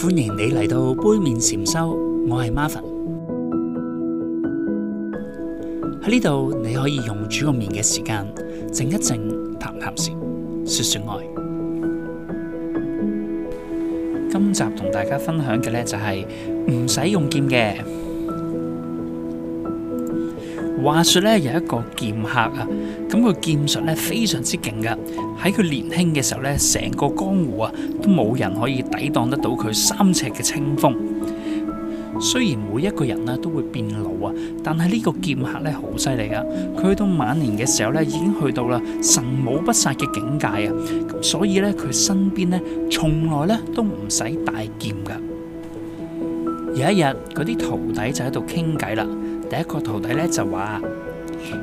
歡迎你嚟到杯麵禪修，我係 Marvin。喺呢度你可以用煮個麵嘅時間靜一靜，談談禪，說說愛。今集同大家分享嘅呢，就係唔使用劍嘅。話說咧有一個劍客啊，咁佢劍術咧非常之勁噶喺佢年輕嘅時候咧，成個江湖啊都冇人可以抵擋得到佢三尺嘅清風。雖然每一個人咧都會變老啊，但係呢個劍客咧好犀利噶佢去到晚年嘅時候咧已經去到啦神武不殺嘅境界啊，所以咧佢身邊咧從來咧都唔使帶劍噶有一日，嗰啲徒弟就喺度傾偈啦。第一個徒弟咧，就話：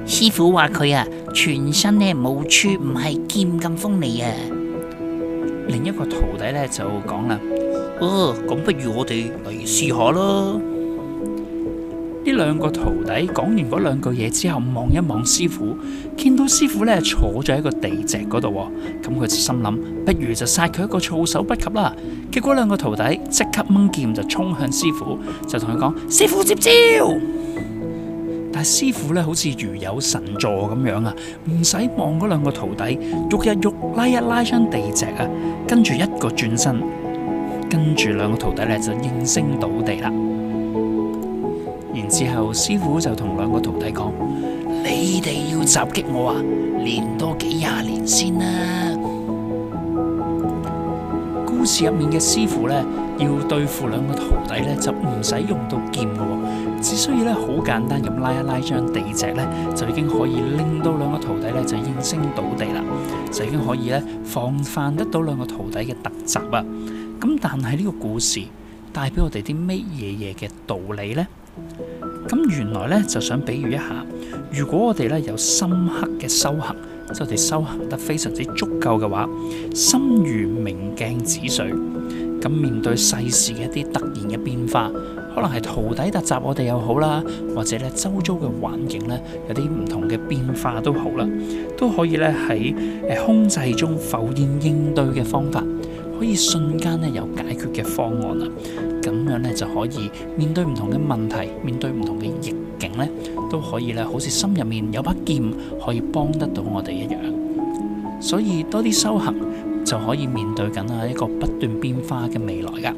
師傅話佢啊，全身咧冇處唔係劍咁鋒利啊。另一個徒弟咧就講啦：哦，咁不如我哋嚟試下咯。呢兩個徒弟講完嗰兩句嘢之後，望一望師傅，見到師傅呢坐咗喺個地席嗰度，咁、呃、佢就心諗，不如就殺佢一個措手不及啦。結果兩個徒弟即刻掹劍就衝向師傅，就同佢講：師傅接招！但係師傅呢好似如有神助咁樣啊，唔使望嗰兩個徒弟，喐一喐拉一拉張地席啊，跟住一個轉身，跟住兩個徒弟呢就應聲倒地啦。之後師父就同兩個徒弟講：你哋要襲擊我啊，練多幾廿年先啦。故事入面嘅師父呢，要對付兩個徒弟呢，就唔使用，用到劍嘅、哦，只需要呢好簡單咁拉一拉張地蓆呢，就已經可以令到兩個徒弟呢，就應聲倒地啦，就已經可以呢，防範得到兩個徒弟嘅突襲啊。咁但係呢個故事帶俾我哋啲咩嘢嘢嘅道理呢？咁原來咧就想比喻一下，如果我哋咧有深刻嘅修行，即我哋修行得非常之足夠嘅話，心如明鏡止水，咁面對世事嘅一啲突然嘅變化，可能係徒弟突襲我哋又好啦，或者咧周遭嘅環境咧有啲唔同嘅變化都好啦，都可以咧喺誒空寂中浮現應對嘅方法。可以瞬間咧有解決嘅方案啊，咁樣咧就可以面對唔同嘅問題，面對唔同嘅逆境咧，都可以咧好似心入面有把劍可以幫得到我哋一樣。所以多啲修行就可以面對緊啊一個不斷變化嘅未來噶。